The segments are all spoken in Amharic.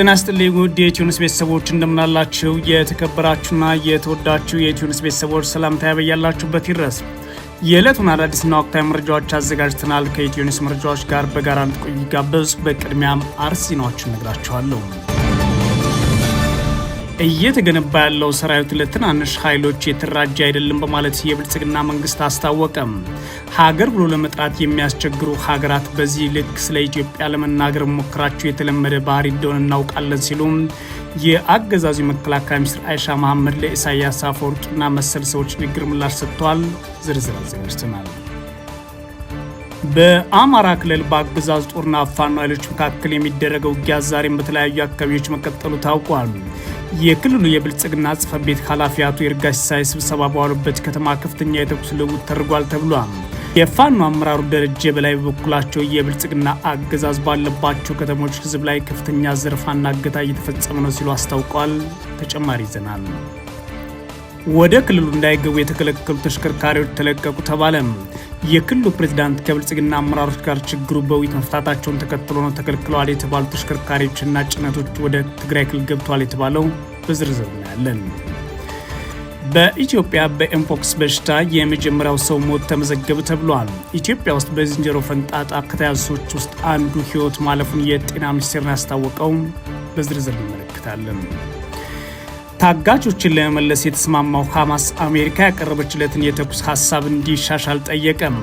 ጤና ስጥልኝ ውድ የኢትዮኒውስ ቤተሰቦች እንደምናላችሁ። የተከበራችሁና የተወዳችሁ የኢትዮኒውስ ቤተሰቦች ሰላምታ ያበያላችሁበት ይድረስ። የዕለቱን አዳዲስና ወቅታዊ መረጃዎች አዘጋጅተናል። ከኢትዮንስ መረጃዎች ጋር በጋራ እንድትቆዩ ይጋበዙ። በቅድሚያም አርዕስተ ዜናዎችን እነግራችኋለሁ። እየተገነባ ያለው ሰራዊት ለትናንሽ ኃይሎች የተራጀ አይደለም በማለት የብልጽግና መንግስት አስታወቀም። ሀገር ብሎ ለመጥራት የሚያስቸግሩ ሀገራት በዚህ ልክ ስለ ኢትዮጵያ ለመናገር መሞከራቸው የተለመደ ባህሪ እንደሆነ እናውቃለን ሲሉም የአገዛዙ መከላከያ ሚኒስትር አይሻ መሐመድ ለኢሳያስ አፈወርቂና መሰል ሰዎች ንግግር ምላሽ ሰጥተዋል። ዝርዝር አዘጋጅተናል። በአማራ ክልል በአገዛዙ ጦርና ፋኖ ኃይሎች መካከል የሚደረገው ውጊያ ዛሬም በተለያዩ አካባቢዎች መቀጠሉ ታውቋል። የክልሉ የብልጽግና ጽሕፈት ቤት ኃላፊ አቶ ይርጋ ሳይ ስብሰባ በዋሉበት ከተማ ከፍተኛ የተኩስ ልውውጥ ተደርጓል ተብሏል። የፋኖ አመራሩ ደረጀ በላይ በበኩላቸው የብልጽግና አገዛዝ ባለባቸው ከተሞች ህዝብ ላይ ከፍተኛ ዘርፋና እገታ እየተፈጸመ ነው ሲሉ አስታውቋል። ተጨማሪ ይዘናል። ወደ ክልሉ እንዳይገቡ የተከለከሉ ተሽከርካሪዎች ተለቀቁ ተባለ። የክልሉ ፕሬዝዳንት ከብልጽግና አመራሮች ጋር ችግሩ በውይይት መፍታታቸውን ተከትሎ ነው ተከልክለዋል የተባሉ ተሽከርካሪዎችና ጭነቶች ወደ ትግራይ ክልል ገብተዋል የተባለው። በዝርዝር እናያለን። በኢትዮጵያ በኤምፖክስ በሽታ የመጀመሪያው ሰው ሞት ተመዘገበ ተብሏል። ኢትዮጵያ ውስጥ በዝንጀሮ ፈንጣጣ ከተያዙ ሰዎች ውስጥ አንዱ ሕይወት ማለፉን የጤና ሚኒስቴርን ያስታወቀው በዝርዝር እንመለከታለን። ታጋቾችን ለመመለስ የተስማማው ሐማስ አሜሪካ ያቀረበችለትን የተኩስ ሀሳብ እንዲሻሻል ጠየቀም።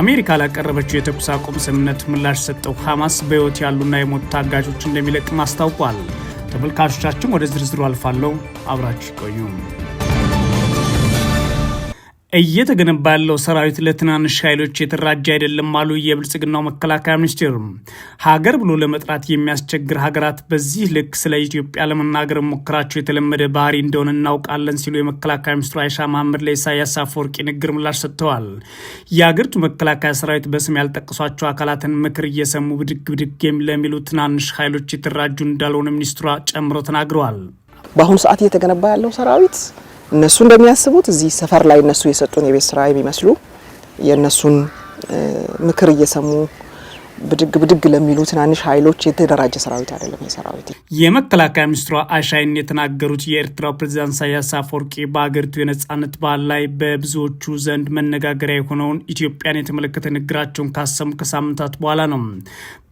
አሜሪካ ላቀረበችው የተኩስ አቁም ስምምነት ምላሽ ሰጠው ሐማስ በሕይወት ያሉና የሞቱ ታጋቾች እንደሚለቅም አስታውቋል። ተመልካቾቻችን ወደ ዝርዝሩ አልፋለሁ። አብራችሁ ቆዩ። እየተገነባ ያለው ሰራዊት ለትናንሽ ኃይሎች የተራጀ አይደለም አሉ የብልጽግናው መከላከያ ሚኒስቴር። ሀገር ብሎ ለመጥራት የሚያስቸግር ሀገራት በዚህ ልክ ስለ ኢትዮጵያ ለመናገር ሞከራቸው የተለመደ ባህሪ እንደሆነ እናውቃለን ሲሉ የመከላከያ ሚኒስትሩ አይሻ መሐመድ ለኢሳያስ አፈወርቂ ንግግር ምላሽ ሰጥተዋል። የአገሪቱ መከላከያ ሰራዊት በስም ያልጠቀሷቸው አካላትን ምክር እየሰሙ ብድግ ብድግ ለሚሉ ትናንሽ ኃይሎች የተራጁ እንዳልሆነ ሚኒስትሯ ጨምሮ ተናግረዋል። በአሁኑ ሰዓት እየተገነባ ያለው ሰራዊት እነሱ እንደሚያስቡት እዚህ ሰፈር ላይ እነሱ የሰጡን የቤት ስራ የሚመስሉ የእነሱን ምክር እየሰሙ ብድግ ብድግ ለሚሉ ትናንሽ ኃይሎች የተደራጀ ሰራዊት አይደለም። የሰራዊት የመከላከያ ሚኒስትሯ አሻይን የተናገሩት የኤርትራው ፕሬዚዳንት ኢሳያስ አፈወርቂ በሀገሪቱ የነጻነት ባህል ላይ በብዙዎቹ ዘንድ መነጋገሪያ የሆነውን ኢትዮጵያን የተመለከተ ንግግራቸውን ካሰሙ ከሳምንታት በኋላ ነው።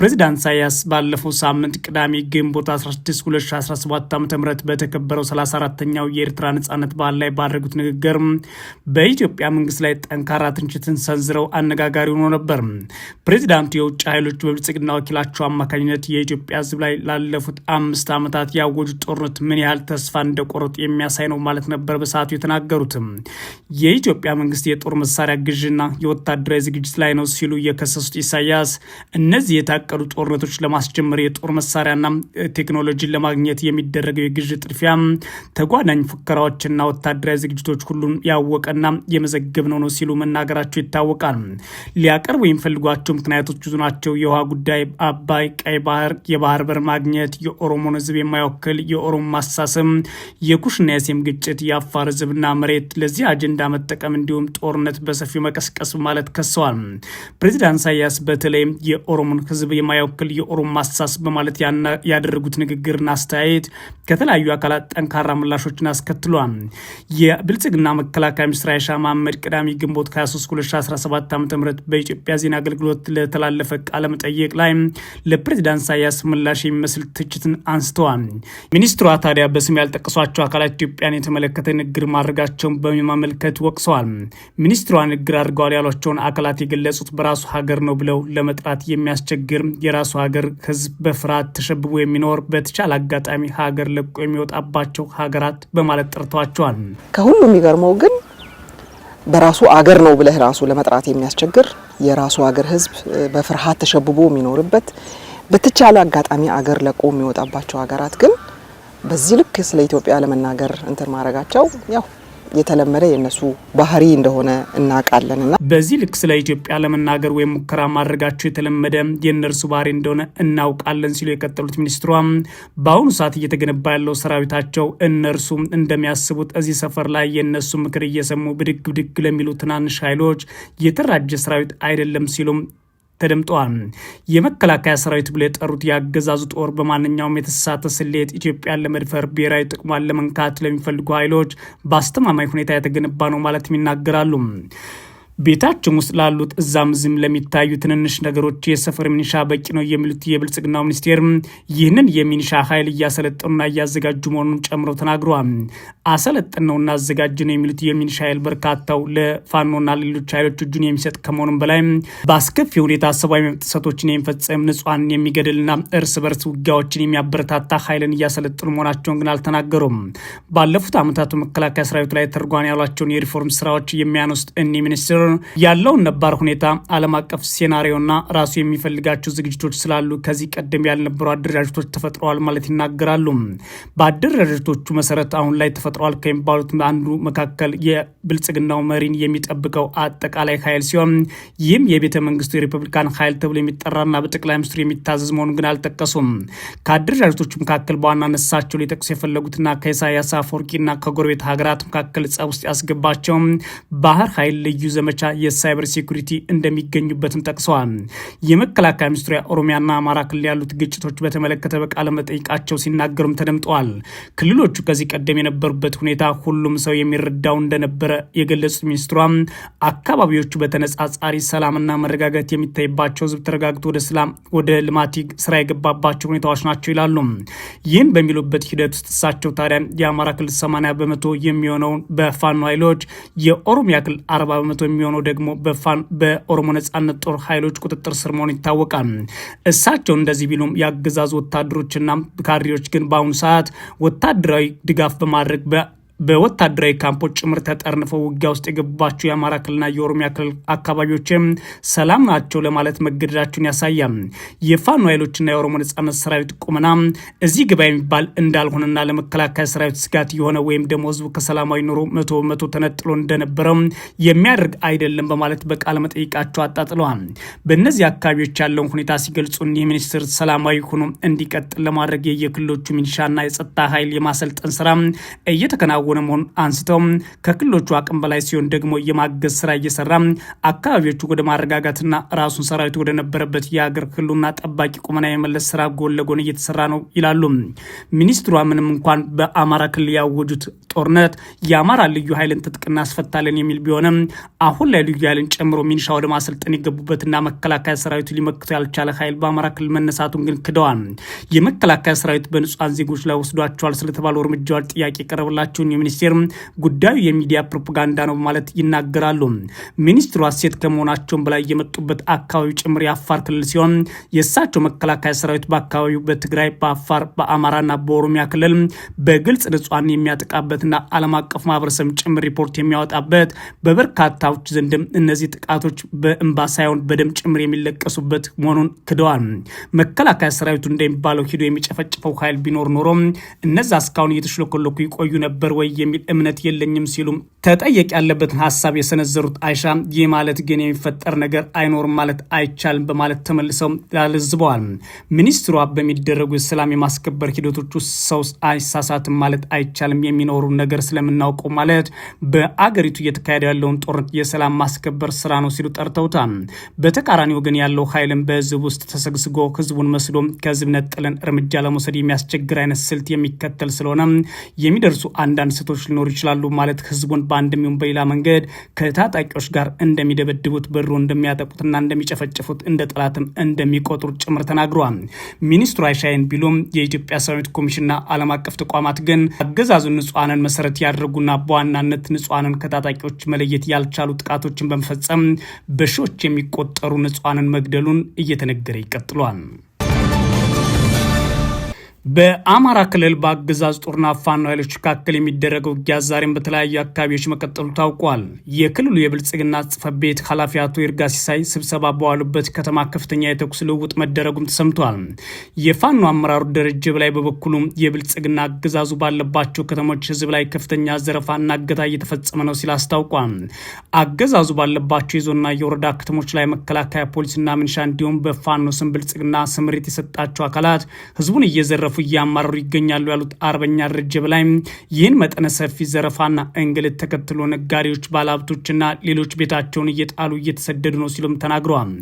ፕሬዚዳንት ኢሳያስ ባለፈው ሳምንት ቅዳሜ ግንቦት 16 2017 ዓ ም በተከበረው 34ተኛው የኤርትራ ነጻነት ባህል ላይ ባደረጉት ንግግር በኢትዮጵያ መንግስት ላይ ጠንካራ ትንችትን ሰንዝረው አነጋጋሪ ሆኖ ነበር። ፕሬዚዳንቱ የውጭ ኃይሎች በብልጽግና ወኪላቸው አማካኝነት የኢትዮጵያ ሕዝብ ላይ ላለፉት አምስት ዓመታት ያወጁት ጦርነት ምን ያህል ተስፋ እንደቆረጡ የሚያሳይ ነው ማለት ነበር በሰዓቱ የተናገሩትም። የኢትዮጵያ መንግስት የጦር መሳሪያ ግዥና የወታደራዊ ዝግጅት ላይ ነው ሲሉ የከሰሱት ኢሳያስ እነዚህ የታቀዱ ጦርነቶች ለማስጀመር የጦር መሳሪያና ቴክኖሎጂን ለማግኘት የሚደረገው የግዥ ጥድፊያ፣ ተጓዳኝ ፉከራዎችና ወታደራዊ ዝግጅቶች ሁሉን ያወቀና የመዘገብ ነው ነው ሲሉ መናገራቸው ይታወቃል። ሊያቀርቡ የሚፈልጓቸው ምክንያቶች ብዙ ናቸው። ያላቸው የውሃ ጉዳይ፣ አባይ፣ ቀይ ባህር፣ የባህር በር ማግኘት፣ የኦሮሞን ህዝብ የማይወክል የኦሮሞ ማሳሰም፣ የኩሽና የሴም ግጭት፣ የአፋር ህዝብና መሬት ለዚህ አጀንዳ መጠቀም እንዲሁም ጦርነት በሰፊው መቀስቀስ ማለት ከሰዋል። ፕሬዚዳንት ኢሳያስ በተለይም የኦሮሞን ህዝብ የማይወክል የኦሮሞ ማሳስ በማለት ያደረጉት ንግግርና አስተያየት ከተለያዩ አካላት ጠንካራ ምላሾችን አስከትሏል። የብልጽግና መከላከያ ሚኒስትር አይሻ መሐመድ ቅዳሜ ግንቦት 23 2017 ዓ ም በኢትዮጵያ ዜና አገልግሎት ለተላለፈ ቃለመጠይቅ ላይ ለፕሬዚዳንት ኢሳያስ ምላሽ የሚመስል ትችትን አንስተዋል። ሚኒስትሯ ታዲያ በስም ያልጠቀሷቸው አካላት ኢትዮጵያን የተመለከተ ንግግር ማድረጋቸውን በሚማመልከት ወቅሰዋል። ሚኒስትሯ ንግግር አድርገዋል ያሏቸውን አካላት የገለጹት በራሱ ሀገር ነው ብለው ለመጥራት የሚያስቸግር የራሱ ሀገር ህዝብ በፍርሃት ተሸብቦ የሚኖር በተቻለ አጋጣሚ ሀገር ለቆ የሚወጣባቸው ሀገራት በማለት ጠርተዋቸዋል። ከሁሉ የሚገርመው ግን በራሱ አገር ነው ብለህ ራሱ ለመጥራት የሚያስቸግር የራሱ አገር ህዝብ በፍርሃት ተሸብቦ የሚኖርበት በተቻለ አጋጣሚ አገር ለቆ የሚወጣባቸው ሀገራት ግን በዚህ ልክ ስለ ኢትዮጵያ ለመናገር እንትን ማድረጋቸው ያው የተለመደ የነሱ ባህሪ እንደሆነ እናውቃለን እና በዚህ ልክ ስለ ኢትዮጵያ ለመናገር ወይም ሙከራ ማድረጋቸው የተለመደ የእነርሱ ባህሪ እንደሆነ እናውቃለን ሲሉ የቀጠሉት ሚኒስትሯ በአሁኑ ሰዓት እየተገነባ ያለው ሰራዊታቸው እነርሱ እንደሚያስቡት እዚህ ሰፈር ላይ የእነሱ ምክር እየሰሙ ብድግ ብድግ ለሚሉ ትናንሽ ኃይሎች የተራጀ ሰራዊት አይደለም ሲሉም ተደምጠዋል። የመከላከያ ሰራዊት ብሎ የጠሩት የአገዛዙ ጦር በማንኛውም የተሳተ ስሌት ኢትዮጵያን ለመድፈር ብሔራዊ ጥቅሟን ለመንካት ለሚፈልጉ ኃይሎች በአስተማማኝ ሁኔታ የተገነባ ነው ማለትም ይናገራሉ። ቤታችን ውስጥ ላሉት እዛም ዝም ለሚታዩ ትንንሽ ነገሮች የሰፈር ሚኒሻ በቂ ነው የሚሉት የብልጽግናው ሚኒስቴር ይህንን የሚኒሻ ኃይል እያሰለጠኑና እያዘጋጁ መሆኑን ጨምሮ ተናግረዋል። አሰለጠነውና አዘጋጅ ነው የሚሉት የሚኒሻ ኃይል በርካታው ለፋኖና ሌሎች ኃይሎች እጁን የሚሰጥ ከመሆኑም በላይ በአስከፊ ሁኔታ ሰብአዊ መብት ጥሰቶችን የሚፈጸም ንጹሐንን የሚገድልና እርስ በርስ ውጊያዎችን የሚያበረታታ ኃይልን እያሰለጠኑ መሆናቸውን ግን አልተናገሩም። ባለፉት ዓመታት መከላከያ ሰራዊቱ ላይ ተርጓን ያሏቸውን የሪፎርም ስራዎች የሚያነሱት እኒ ሚኒስትር ያለውን ነባር ሁኔታ ዓለም አቀፍ ሴናሪዮና ራሱ የሚፈልጋቸው ዝግጅቶች ስላሉ ከዚህ ቀደም ያልነበሩ አደረጃጀቶች ተፈጥረዋል ማለት ይናገራሉ። በአደረጃጀቶቹ መሰረት አሁን ላይ ተፈጥረዋል ከሚባሉት አንዱ መካከል የብልጽግናው መሪን የሚጠብቀው አጠቃላይ ኃይል ሲሆን ይህም የቤተ መንግስቱ የሪፐብሊካን ኃይል ተብሎ የሚጠራና በጠቅላይ ሚኒስትሩ የሚታዘዝ መሆኑን ግን አልጠቀሱም። ከአደረጃጀቶቹ መካከል በዋና ነሳቸው ሊጠቅሱ የፈለጉትና ከኢሳያስ አፈወርቂና ከጎረቤት ሀገራት መካከል ጸብ ውስጥ ያስገባቸው ባህር ኃይል ልዩ ዘመቻ ዘመቻ የሳይበር ሴኩሪቲ እንደሚገኙበትም ጠቅሰዋል። የመከላከያ ሚኒስትሩ ና አማራ ክልል ያሉት ግጭቶች በተመለከተ በቃለ መጠይቃቸው ሲናገሩም ተደምጠዋል። ክልሎቹ ከዚህ ቀደም የነበሩበት ሁኔታ ሁሉም ሰው የሚረዳው እንደነበረ የገለጹት ሚኒስትሯ አካባቢዎቹ በተነጻጻሪ ሰላምና መረጋጋት የሚታይባቸው ህዝብ ተረጋግቶ ወደ ሰላም ወደ ልማት ስራ የገባባቸው ሁኔታዎች ናቸው ይላሉ። ይህን በሚሉበት ሂደት ውስጥ እሳቸው ታዲያ የአማራ ክልል 80 በመቶ የሚሆነውን በፋኖ ኃይሎች የኦሮሚያ ክልል 40 በመቶ የሚሆ የሚሆነው ደግሞ በፋን በኦሮሞ ነጻነት ጦር ኃይሎች ቁጥጥር ስር መሆኑ ይታወቃል። እሳቸው እንደዚህ ቢሉም የአገዛዙ ወታደሮችና ካድሬዎች ግን በአሁኑ ሰዓት ወታደራዊ ድጋፍ በማድረግ በወታደራዊ ካምፖች ጭምር ተጠርንፈው ውጊያ ውስጥ የገባቸው የአማራ ክልልና የኦሮሚያ ክልል አካባቢዎችም ሰላም ናቸው ለማለት መገደዳቸውን ያሳያል። የፋኖ ኃይሎችና የኦሮሞ ነጻነት ሰራዊት ቁመና እዚህ ግባ የሚባል እንዳልሆነና ለመከላከያ ሰራዊት ስጋት የሆነ ወይም ደግሞ ህዝቡ ከሰላማዊ ኑሮ መቶ በመቶ ተነጥሎ እንደነበረ የሚያደርግ አይደለም በማለት በቃለ መጠይቃቸው አጣጥለዋል። በእነዚህ አካባቢዎች ያለውን ሁኔታ ሲገልጹ እኒህ ሚኒስትር ሰላማዊ ሆኖ እንዲቀጥል ለማድረግ የየክልሎቹ ሚሊሻና የጸጥታ ኃይል የማሰልጠን ስራ እየተከናወ እየተከናወነ መሆኑን አንስተው ከክልሎቹ አቅም በላይ ሲሆን ደግሞ የማገዝ ስራ እየሰራ አካባቢዎቹ ወደ ማረጋጋትና ራሱን ሰራዊት ወደነበረበት የሀገር ህልውና ጠባቂ ቁመና የመለስ ስራ ጎን ለጎን እየተሰራ ነው ይላሉ ሚኒስትሯ። ምንም እንኳን በአማራ ክልል ያወጁት ጦርነት የአማራ ልዩ ኃይልን ትጥቅ እናስፈታለን የሚል ቢሆንም አሁን ላይ ልዩ ኃይልን ጨምሮ ሚኒሻ ወደ ማሰልጠን የገቡበትና መከላከያ ሰራዊቱ ሊመክቱ ያልቻለ ኃይል በአማራ ክልል መነሳቱን ግን ክደዋል። የመከላከያ ሰራዊት በንጹሐን ዜጎች ላይ ወስዷቸዋል ስለተባሉ እርምጃዎች ጥያቄ የቀረበላቸውን ሚኒስቴር ጉዳዩ የሚዲያ ፕሮፓጋንዳ ነው በማለት ይናገራሉ። ሚኒስትሯ ሴት ከመሆናቸውም በላይ የመጡበት አካባቢው ጭምር የአፋር ክልል ሲሆን የእሳቸው መከላከያ ሰራዊት በአካባቢው በትግራይ፣ በአፋር፣ በአማራና በኦሮሚያ ክልል በግልጽ ንጹሐን የሚያጠቃበትና ዓለም አቀፍ ማህበረሰብ ጭምር ሪፖርት የሚያወጣበት በበርካታዎች ዘንድም እነዚህ ጥቃቶች በእንባ ሳይሆን በደም ጭምር የሚለቀሱበት መሆኑን ክደዋል። መከላከያ ሰራዊቱ እንደሚባለው ሂዶ የሚጨፈጭፈው ኃይል ቢኖር ኖሮ እነዛ እስካሁን እየተሽለኮለኩ ይቆዩ ነበር ወይ ወይ የሚል እምነት የለኝም ሲሉም ተጠየቅ ያለበትን ሀሳብ የሰነዘሩት አይሻ ይህ ማለት ግን የሚፈጠር ነገር አይኖርም ማለት አይቻልም በማለት ተመልሰው ያለዝበዋል። ሚኒስትሯ በሚደረጉ የሰላም የማስከበር ሂደቶች ውስጥ ሰው አይሳሳትም ማለት አይቻልም፣ የሚኖሩ ነገር ስለምናውቀው ማለት በአገሪቱ እየተካሄደ ያለውን ጦርነት የሰላም ማስከበር ስራ ነው ሲሉ ጠርተውታል። በተቃራኒ ወገን ያለው ኃይልም በህዝብ ውስጥ ተሰግስጎ ህዝቡን መስሎ ከህዝብ ነጥለን እርምጃ ለመውሰድ የሚያስቸግር አይነት ስልት የሚከተል ስለሆነ የሚደርሱ አንዳንድ ፍልሰቶች ሊኖሩ ይችላሉ ማለት ህዝቡን በአንድም ይሁን በሌላ መንገድ ከታጣቂዎች ጋር እንደሚደበድቡት ብሩ እንደሚያጠቁትና እንደሚጨፈጭፉት እንደ ጠላትም እንደሚቆጥሩ ጭምር ተናግረዋል። ሚኒስትሩ አይሻይን ቢሉም የኢትዮጵያ ሰራዊት ኮሚሽንና ዓለም አቀፍ ተቋማት ግን አገዛዙን ንጹሐንን መሰረት ያደረጉና በዋናነት ንጹሐንን ከታጣቂዎች መለየት ያልቻሉ ጥቃቶችን በመፈጸም በሺዎች የሚቆጠሩ ንጹሐንን መግደሉን እየተነገረ ይቀጥሏል። በአማራ ክልል በአገዛዝ ጦርና ፋኖ ኃይሎች መካከል የሚደረገው ውጊያ ዛሬም በተለያዩ አካባቢዎች መቀጠሉ ታውቋል። የክልሉ የብልጽግና ጽሕፈት ቤት ኃላፊ አቶ ይርጋ ሲሳይ ስብሰባ በዋሉበት ከተማ ከፍተኛ የተኩስ ልውውጥ መደረጉም ተሰምቷል። የፋኖ አመራሩ ደረጀ በላይ በበኩሉ የብልጽግና አገዛዙ ባለባቸው ከተሞች ህዝብ ላይ ከፍተኛ ዘረፋና እገታ እየተፈጸመ ነው ሲል አስታውቋል። አገዛዙ ባለባቸው የዞንና የወረዳ ከተሞች ላይ መከላከያ ፖሊስና ምንሻ እንዲሁም በፋኖ ስም ብልጽግና ስምሪት የሰጣቸው አካላት ህዝቡን እየዘረፉ እያማረሩ ይገኛሉ ያሉት አርበኛ ደረጀ በላይ ይህን መጠነ ሰፊ ዘረፋና እንግልት ተከትሎ ነጋዴዎች፣ ባለሀብቶችና ሌሎች ቤታቸውን እየጣሉ እየተሰደዱ ነው ሲሉም ተናግረዋል።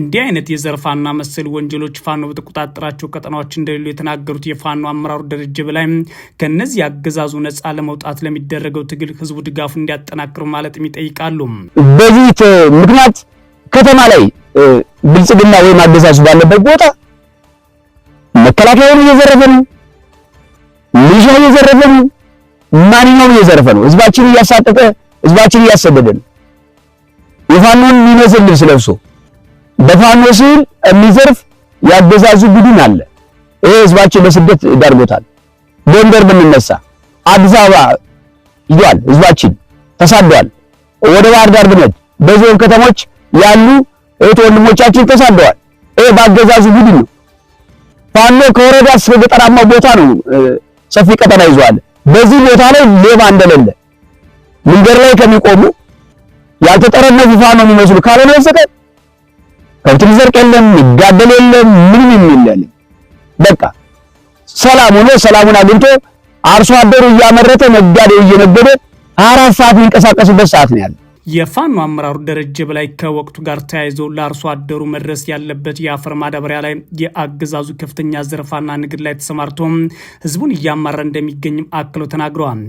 እንዲህ አይነት የዘረፋና መሰል ወንጀሎች ፋኖ በተቆጣጠራቸው ቀጠናዎች እንደሌሉ የተናገሩት የፋኖ አመራሩ ደረጀ በላይ ከእነዚህ አገዛዙ ነጻ ለመውጣት ለሚደረገው ትግል ህዝቡ ድጋፉ እንዲያጠናክሩ ማለትም ይጠይቃሉ። በዚህ ምክንያት ከተማ ላይ ብልጽግና ወይም አገዛዙ ባለበት ቦታ መከላከያውን እየዘረፈ ነው፣ ሚሊሻ እየዘረፈ ነው፣ ማንኛውም እየዘረፈ ነው። ህዝባችን እያሳጠቀ ህዝባችን እያሰደደ ነው። የፋኖን የሚመስል ልብስ ለብሶ በፋኖ ስል የሚዘርፍ ያገዛዙ ቡድን አለ። ይሄ ህዝባችን በስደት ዳርጎታል። ጎንደር ብንነሳ አዲስ አበባ ይዷል ህዝባችን ተሳደዋል። ወደ ባህር ዳር ብንሄድ በዞን ከተሞች ያሉ እህት ወንድሞቻችን ተሳደዋል። ይሄ ባገዛዙ ቡድን ነው። ፋኖ ከወረዳ እስከ ገጠራማ ቦታ ነው ሰፊ ቀጠና ይዟል። በዚህ ቦታ ላይ ሌባ እንደሌለ መንገድ ላይ ከሚቆሙ ያልተጠረነፉ ፋኖ የሚመስሉ ካልሆነ በስተቀር ከብት የሚዘርቅ የለም፣ የሚጋደል የለም፣ ምንም የሚል በቃ ሰላም ሆኖ ሰላሙን አግኝቶ አርሶ አደሩ እያመረተ ነጋዴው እየነገደ አራት ሰዓት የሚንቀሳቀስበት ሰዓት ነው ያለው። የፋኖ አመራሩ ደረጀ በላይ ከወቅቱ ጋር ተያይዞ ለአርሶ አደሩ መድረስ ያለበት የአፈር ማዳበሪያ ላይ የአገዛዙ ከፍተኛ ዘረፋና ንግድ ላይ ተሰማርቶ ህዝቡን እያማረ እንደሚገኝም አክለው ተናግረዋል።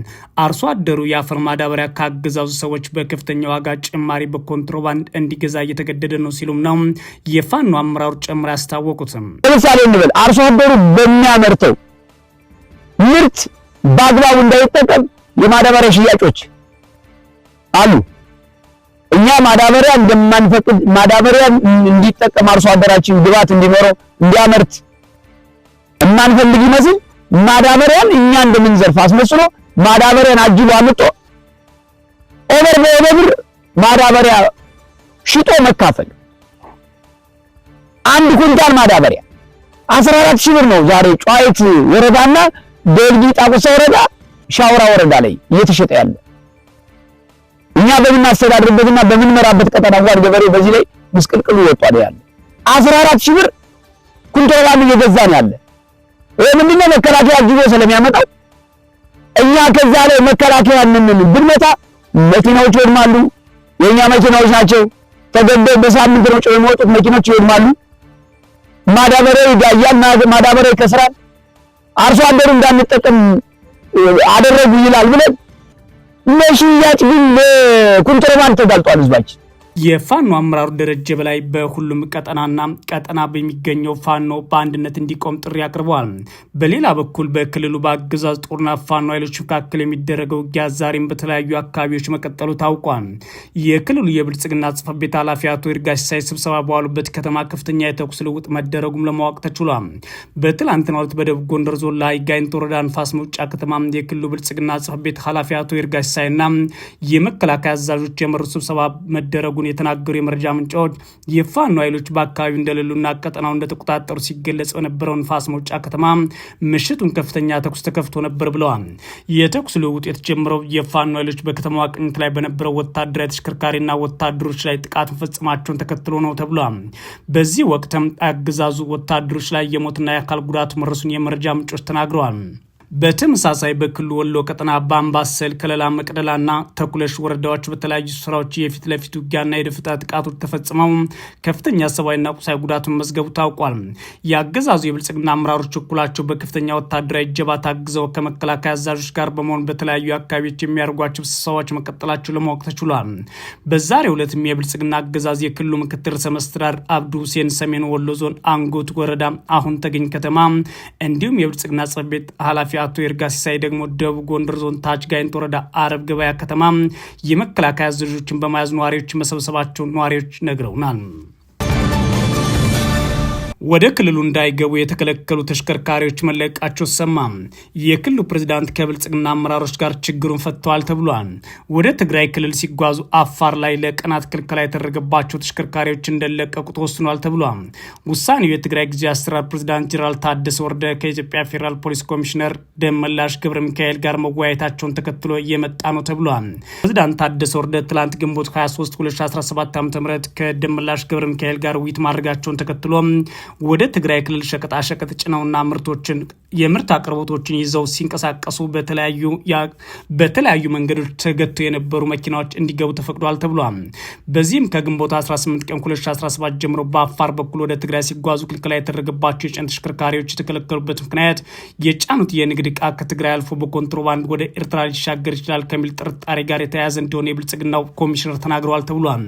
አርሶ አደሩ የአፈር ማዳበሪያ ከአገዛዙ ሰዎች በከፍተኛ ዋጋ ጭማሪ በኮንትሮባንድ እንዲገዛ እየተገደደ ነው ሲሉም ነው የፋኖ አመራሩ ጨምሮ ያስታወቁትም። ለምሳሌ እንበል አርሶ አደሩ በሚያመርተው ምርት በአግባቡ እንዳይጠቀም የማዳበሪያ ሽያጮች አሉ። እኛ ማዳበሪያ እንደማንፈቅድ ማዳበሪያ እንዲጠቀም አርሶ አደራችን ግባት እንዲኖረው እንዲያመርት የማንፈልግ ይመስል ማዳበሪያን እኛ እንደምንዘርፍ አስመስሎ ማዳበሪያን አጅሎ አምጦ ኦቨር በኦቨር ማዳበሪያ ሽጦ መካፈል። አንድ ኩንታል ማዳበሪያ 14 ሺህ ብር ነው ዛሬ ጨዋይት ወረዳና ደልጊ ጣቁሳ ወረዳ ሻውራ ወረዳ ላይ እየተሸጠ ያለ እኛ በምናስተዳድርበትና በምንመራበት ቀጠና እንኳን ገበሬ በዚህ ላይ ምስቅልቅሉ ወጧል ያለ አስራ ሺህ ብር ኩንቶላን እየገዛ ነው ያለ። ይሄ ምንድነው መከላከያ አጅቦ ስለሚያመጣው እኛ ከዛ ላይ መከላከያ ምንም ብንመጣ መኪናዎች ይወድማሉ። የኛ መኪናዎች ናቸው ተገደው በሳምንት ነው ጮህ የሚወጡት መኪኖች ይወድማሉ። ማዳበሪያው ይጋያል። ማዳበሪያው ይከስራል። አርሶ አደሩ እንዳንጠቀም አደረጉ ይላል ብለን ለሽያጭ ግን ለኮንትሮባንድ ተጋልጧል ህዝባችን። የፋኖ አመራሩ ደረጀ በላይ በሁሉም ቀጠናና ቀጠና በሚገኘው ፋኖ በአንድነት እንዲቆም ጥሪ አቅርበዋል። በሌላ በኩል በክልሉ በአገዛዝ ጦርና ፋኖ ኃይሎች መካከል የሚደረገው ውጊያ ዛሬም በተለያዩ አካባቢዎች መቀጠሉ ታውቋል። የክልሉ የብልጽግና ጽፈት ቤት ኃላፊ አቶ ይርጋ ሲሳይ ስብሰባ በዋሉበት ከተማ ከፍተኛ የተኩስ ልውጥ መደረጉም ለማወቅ ተችሏል። በትላንትናው ዕለት በደቡብ ጎንደር ዞን ላይ ጋይንት ወረዳ ንፋስ መውጫ ከተማ የክልሉ ብልጽግና ጽሕፈት ቤት ኃላፊ አቶ ይርጋ ሲሳይና የመከላከያ አዛዦች የመሩት ስብሰባ መደረጉን መሆናቸውን የተናገሩ የመረጃ ምንጫዎች የፋኖ ኃይሎች በአካባቢው እንደሌሉና ቀጠናው እንደተቆጣጠሩ ሲገለጽ በነበረውን ፋስ መውጫ ከተማ ምሽቱን ከፍተኛ ተኩስ ተከፍቶ ነበር ብለዋል። የተኩስ ልውውጥ የተጀመረው የፋኖ ኃይሎች በከተማዋ ቅኝት ላይ በነበረው ወታደራዊ ተሽከርካሪና ወታደሮች ላይ ጥቃት መፈጸማቸውን ተከትሎ ነው ተብሏል። በዚህ ወቅትም አገዛዙ ወታደሮች ላይ የሞትና የአካል ጉዳት መረሱን የመረጃ ምንጮች ተናግረዋል። በተመሳሳይ በክልሉ ወሎ ቀጠና በአምባሰል፣ ከለላ፣ መቅደላና ተኩለሽ ወረዳዎች በተለያዩ ስራዎች የፊት ለፊት ውጊያና የደፈጣ ጥቃቶች ተፈጽመው ከፍተኛ ሰብአዊና ቁሳዊ ጉዳቱን መዝገቡ ታውቋል። የአገዛዙ የብልጽግና አመራሮች እኩላቸው በከፍተኛ ወታደራዊ እጀባ ታግዘው ከመከላከያ አዛዦች ጋር በመሆን በተለያዩ አካባቢዎች የሚያደርጓቸው ስብሰባዎች መቀጠላቸው ለማወቅ ተችሏል። በዛሬው ዕለትም የብልጽግና አገዛዝ የክልሉ ምክትል ርዕሰ መስተዳድር አብዱ ሁሴን ሰሜን ወሎ ዞን አንጎት ወረዳ አሁን ተገኝ ከተማ እንዲሁም የብልጽግና ጽሕፈት ቤት ኃላፊ አቶ ይርጋ ሲሳይ ደግሞ ደቡብ ጎንደር ዞን ታች ጋይንት ወረዳ አረብ ገበያ ከተማ የመከላከያ አዛዦችን በመያዝ ነዋሪዎች መሰብሰባቸውን ነዋሪዎች ነግረውናል። ወደ ክልሉ እንዳይገቡ የተከለከሉ ተሽከርካሪዎች መለቀቃቸው ሰማ። የክልሉ ፕሬዚዳንት ከብልጽግና አመራሮች ጋር ችግሩን ፈጥተዋል ተብሏል። ወደ ትግራይ ክልል ሲጓዙ አፋር ላይ ለቀናት ክልከላ የተደረገባቸው ተሽከርካሪዎች እንደለቀቁ ተወስኗል ተብሏል። ውሳኔው የትግራይ ጊዜ አሰራር ፕሬዚዳንት ጄኔራል ታደሰ ወረደ ከኢትዮጵያ ፌዴራል ፖሊስ ኮሚሽነር ደመላሽ ገብረ ሚካኤል ጋር መወያየታቸውን ተከትሎ እየመጣ ነው ተብሏል። ፕሬዚዳንት ታደሰ ወረደ ትላንት ግንቦት 23 2017 ዓ ም ከደመላሽ ገብረ ሚካኤል ጋር ውይይት ማድረጋቸውን ተከትሎ ወደ ትግራይ ክልል ሸቀጣሸቀጥ ጭነውና ምርቶችን የምርት አቅርቦቶችን ይዘው ሲንቀሳቀሱ በተለያዩ መንገዶች ተገተው የነበሩ መኪናዎች እንዲገቡ ተፈቅዷል ተብሏል። በዚህም ከግንቦት 18 ቀን 2017 ጀምሮ በአፋር በኩል ወደ ትግራይ ሲጓዙ ክልክላ የተደረገባቸው የጭነት ተሽከርካሪዎች የተከለከሉበት ምክንያት የጫኑት የንግድ ዕቃ ከትግራይ አልፎ በኮንትሮባንድ ወደ ኤርትራ ሊሻገር ይችላል ከሚል ጥርጣሬ ጋር የተያያዘ እንደሆነ የብልጽግናው ኮሚሽነር ተናግረዋል ተብሏል።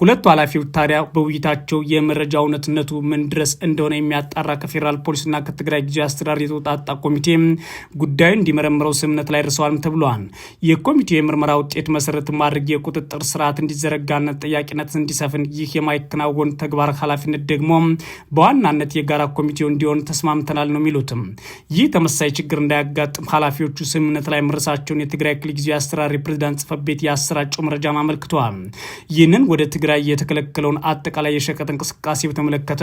ሁለቱ ኃላፊዎች ታዲያ በውይይታቸው የመረጃ እውነትነቱ ምን ድረስ እንደሆነ የሚያጣራ ከፌዴራል ፖሊስና ከትግራይ ጊዜ አስተዳደር የተውጣጣ ኮሚቴ ጉዳዩ እንዲመረምረው ስምምነት ላይ ደርሰዋልም ተብሏል። የኮሚቴው የምርመራ ውጤት መሰረት ማድረግ የቁጥጥር ስርዓት እንዲዘረጋና ጠያቂነት እንዲሰፍን፣ ይህ የማይከናወን ተግባር ኃላፊነት ደግሞ በዋናነት የጋራ ኮሚቴው እንዲሆን ተስማምተናል ነው የሚሉትም። ይህ ተመሳሳይ ችግር እንዳያጋጥም ኃላፊዎቹ ስምምነት ላይ መድረሳቸውን የትግራይ ክልል ጊዜ አስተዳደር ፕሬዚዳንት ጽሕፈት ቤት ያሰራጨው መረጃም አመልክተዋል። ይህንን ወደ ትግራይ በትግራይ የተከለከለውን አጠቃላይ የሸቀጥ እንቅስቃሴ በተመለከተ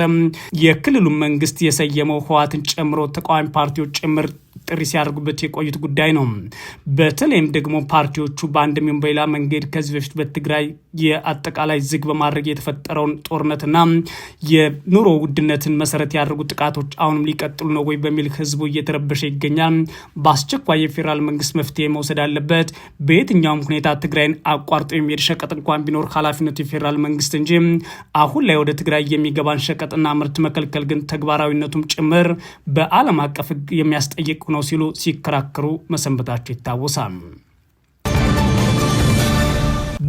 የክልሉ መንግስት የሰየመው ህወሓትን ጨምሮ ተቃዋሚ ፓርቲዎች ጭምር ጥሪ ሲያደርጉበት የቆዩት ጉዳይ ነው። በተለይም ደግሞ ፓርቲዎቹ በአንድም ይሁን በሌላ መንገድ ከዚህ በፊት በትግራይ የአጠቃላይ ዝግ በማድረግ የተፈጠረውን ጦርነትና የኑሮ ውድነትን መሰረት ያደርጉ ጥቃቶች አሁንም ሊቀጥሉ ነው ወይ በሚል ህዝቡ እየተረበሸ ይገኛል። በአስቸኳይ የፌዴራል መንግስት መፍትሄ መውሰድ አለበት። በየትኛውም ሁኔታ ትግራይን አቋርጦ የሚሄድ ሸቀጥ እንኳን ቢኖር ኃላፊነቱ የፌዴራል መንግስት እንጂ አሁን ላይ ወደ ትግራይ የሚገባን ሸቀጥና ምርት መከልከል ግን ተግባራዊነቱም ጭምር በዓለም አቀፍ ህግ የሚያስጠይቅ ነው ሲሉ ሲከራከሩ መሰንበታቸው ይታወሳል።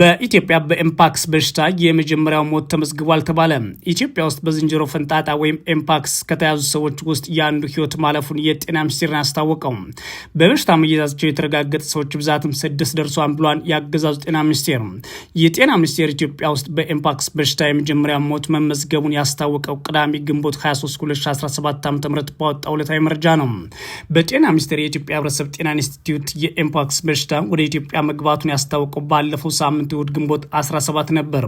በኢትዮጵያ በኤምፓክስ በሽታ የመጀመሪያው ሞት ተመዝግቧል ተባለ። ኢትዮጵያ ውስጥ በዝንጀሮ ፈንጣጣ ወይም ኤምፓክስ ከተያዙ ሰዎች ውስጥ የአንዱ ህይወት ማለፉን የጤና ሚኒስቴርን አስታወቀው። በበሽታ መያዛቸው የተረጋገጠ ሰዎች ብዛትም ስድስት ደርሷን ብሏን ያገዛዙ ጤና ሚኒስቴር። የጤና ሚኒስቴር ኢትዮጵያ ውስጥ በኤምፓክስ በሽታ የመጀመሪያ ሞት መመዝገቡን ያስታወቀው ቅዳሜ ግንቦት 23 2017 ዓ ም ባወጣው ዕለታዊ መረጃ ነው። በጤና ሚኒስቴር የኢትዮጵያ ህብረተሰብ ጤና ኢንስቲትዩት የኤምፓክስ በሽታ ወደ ኢትዮጵያ መግባቱን ያስታወቀው ባለፈው ሳምንት ሳምንት እሁድ ግንቦት 17 ነበር።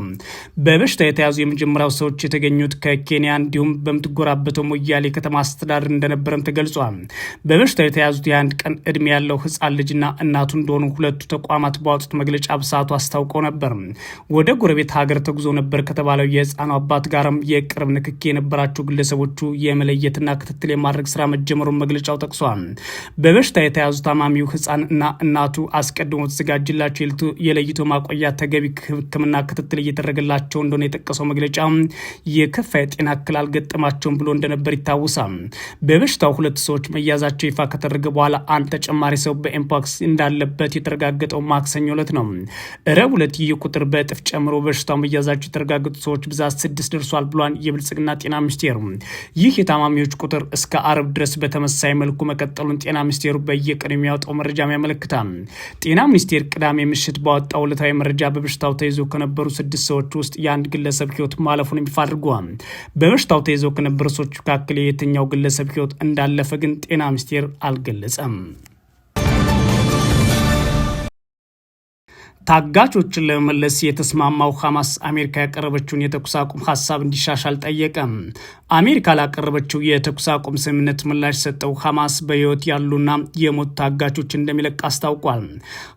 በበሽታ የተያዙ የመጀመሪያው ሰዎች የተገኙት ከኬንያ እንዲሁም በምትጎራበተው ሞያሌ ከተማ አስተዳደር እንደነበረም ተገልጿል። በበሽታ የተያዙት የአንድ ቀን እድሜ ያለው ህፃን ልጅና እናቱ እንደሆኑ ሁለቱ ተቋማት ባወጡት መግለጫ በሰዓቱ አስታውቀው ነበር። ወደ ጎረቤት ሀገር ተጉዞ ነበር ከተባለው የህፃኑ አባት ጋርም የቅርብ ንክኪ የነበራቸው ግለሰቦቹ የመለየትና ክትትል የማድረግ ስራ መጀመሩን መግለጫው ጠቅሷል። በበሽታ የተያዙ ታማሚው ህፃንና እናቱ አስቀድሞ ተዘጋጅላቸው የለይቶ ማቆያ ደረጃ ተገቢ ሕክምና ክትትል እየተደረገላቸው እንደሆነ የጠቀሰው መግለጫ የከፋ የጤና እክል አልገጠማቸውም ብሎ እንደነበር ይታወሳል። በበሽታው ሁለት ሰዎች መያዛቸው ይፋ ከተደረገ በኋላ አንድ ተጨማሪ ሰው በኤምፖክስ እንዳለበት የተረጋገጠው ማክሰኞ ዕለት ነው። ረብ ሁለት ይህ ቁጥር በእጥፍ ጨምሮ በሽታው መያዛቸው የተረጋገጡ ሰዎች ብዛት ስድስት ደርሷል ብሏል የብልጽግና ጤና ሚኒስቴር። ይህ የታማሚዎች ቁጥር እስከ አረብ ድረስ በተመሳሳይ መልኩ መቀጠሉን ጤና ሚኒስቴሩ በየቀኑ የሚያወጣው መረጃም ያመለክታል። ጤና ሚኒስቴር ቅዳሜ ምሽት ባወጣው ዕለታዊ መረጃ ደረጃ በበሽታው ተይዞ ከነበሩ ስድስት ሰዎች ውስጥ የአንድ ግለሰብ ህይወት ማለፉን ይፋ አድርጓል። በበሽታው ተይዞ ከነበሩ ሰዎች መካከል የትኛው ግለሰብ ህይወት እንዳለፈ ግን ጤና ሚኒስቴር አልገለጸም። ታጋቾችን ለመመለስ የተስማማው ሐማስ አሜሪካ ያቀረበችውን የተኩስ አቁም ሀሳብ እንዲሻሻል ጠየቀ። አሜሪካ ላቀረበችው የተኩስ አቁም ስምምነት ምላሽ ሰጠው ሐማስ በሕይወት ያሉና የሞት ታጋቾች እንደሚለቅ አስታውቋል።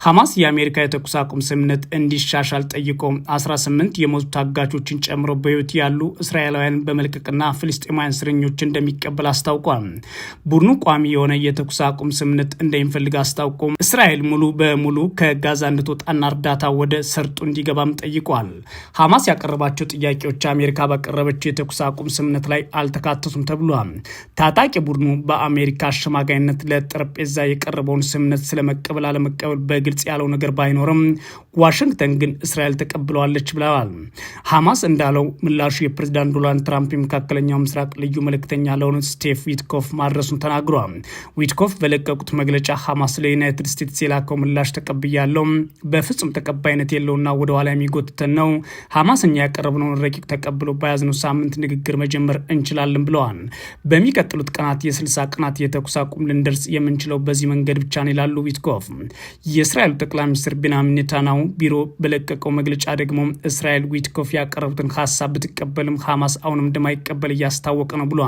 ሐማስ የአሜሪካ የተኩስ አቁም ስምምነት እንዲሻሻል ጠይቆ 18 የሞቱ ታጋቾችን ጨምሮ በሕይወት ያሉ እስራኤላውያን በመልቀቅና ፍልስጤማውያን እስረኞች እንደሚቀበል አስታውቋል። ቡድኑ ቋሚ የሆነ የተኩስ አቁም ስምምነት እንደሚፈልግ አስታውቆ እስራኤል ሙሉ በሙሉ ከጋዛ እንድትወጣና እርዳታ ወደ ሰርጡ እንዲገባም ጠይቋል። ሐማስ ያቀረባቸው ጥያቄዎች አሜሪካ ባቀረበችው የተኩስ አቁም ስምነት ላይ አልተካተቱም ተብሏል። ታጣቂ ቡድኑ በአሜሪካ አሸማጋይነት ለጠረጴዛ የቀረበውን ስምነት ስለመቀበል አለመቀበል በግልጽ ያለው ነገር ባይኖርም ዋሽንግተን ግን እስራኤል ተቀብለዋለች ብለዋል። ሐማስ እንዳለው ምላሹ የፕሬዚዳንት ዶናልድ ትራምፕ የመካከለኛው ምስራቅ ልዩ መልእክተኛ ለሆነ ስቴፍ ዊትኮፍ ማድረሱን ተናግሯል። ዊትኮፍ በለቀቁት መግለጫ ሐማስ ለዩናይትድ ስቴትስ የላከው ምላሽ ተቀብያለው፣ በፍጹም በፍጹም ተቀባይነት የለውና ወደ ኋላ የሚጎትተን ነው። ሐማስኛ ያቀረብነውን ረቂቅ ተቀብሎ በያዝነው ሳምንት ንግግር መጀመር እንችላለን ብለዋል። በሚቀጥሉት ቀናት የስልሳ ቀናት የተኩስ አቁም ልንደርስ የምንችለው በዚህ መንገድ ብቻ ነው ይላሉ ዊትኮፍ። የእስራኤሉ ጠቅላይ ሚኒስትር ቤንያሚን ኔታናው ቢሮ በለቀቀው መግለጫ ደግሞ እስራኤል ዊትኮፍ ያቀረቡትን ሀሳብ ብትቀበልም ሐማስ አሁንም እንደማይቀበል እያስታወቀ ነው ብሏል።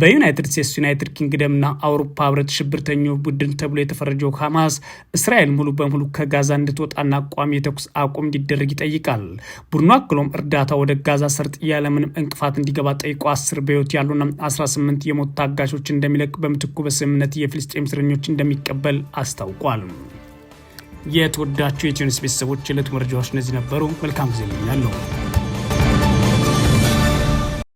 በዩናይትድ ስቴትስ፣ ዩናይትድ ኪንግደምና አውሮፓ ህብረት ሽብርተኞ ቡድን ተብሎ የተፈረጀው ሐማስ እስራኤል ሙሉ በሙሉ ከጋዛ እንድትወጣና አቋም የተኩስ አቁም እንዲደረግ ይጠይቃል። ቡድኑ አክሎም እርዳታ ወደ ጋዛ ሰርጥ ያለምንም እንቅፋት እንዲገባ ጠይቆ አስር በህይወት ያሉና 18 የሞት ታጋሾች እንደሚለቅ በምትኩ በስምምነት የፍልስጤም እስረኞች እንደሚቀበል አስታውቋል። የተወዳቸው የኢትዮኒውስ ቤተሰቦች የዕለቱ መረጃዎች እነዚህ ነበሩ። መልካም ጊዜ እመኛለሁ።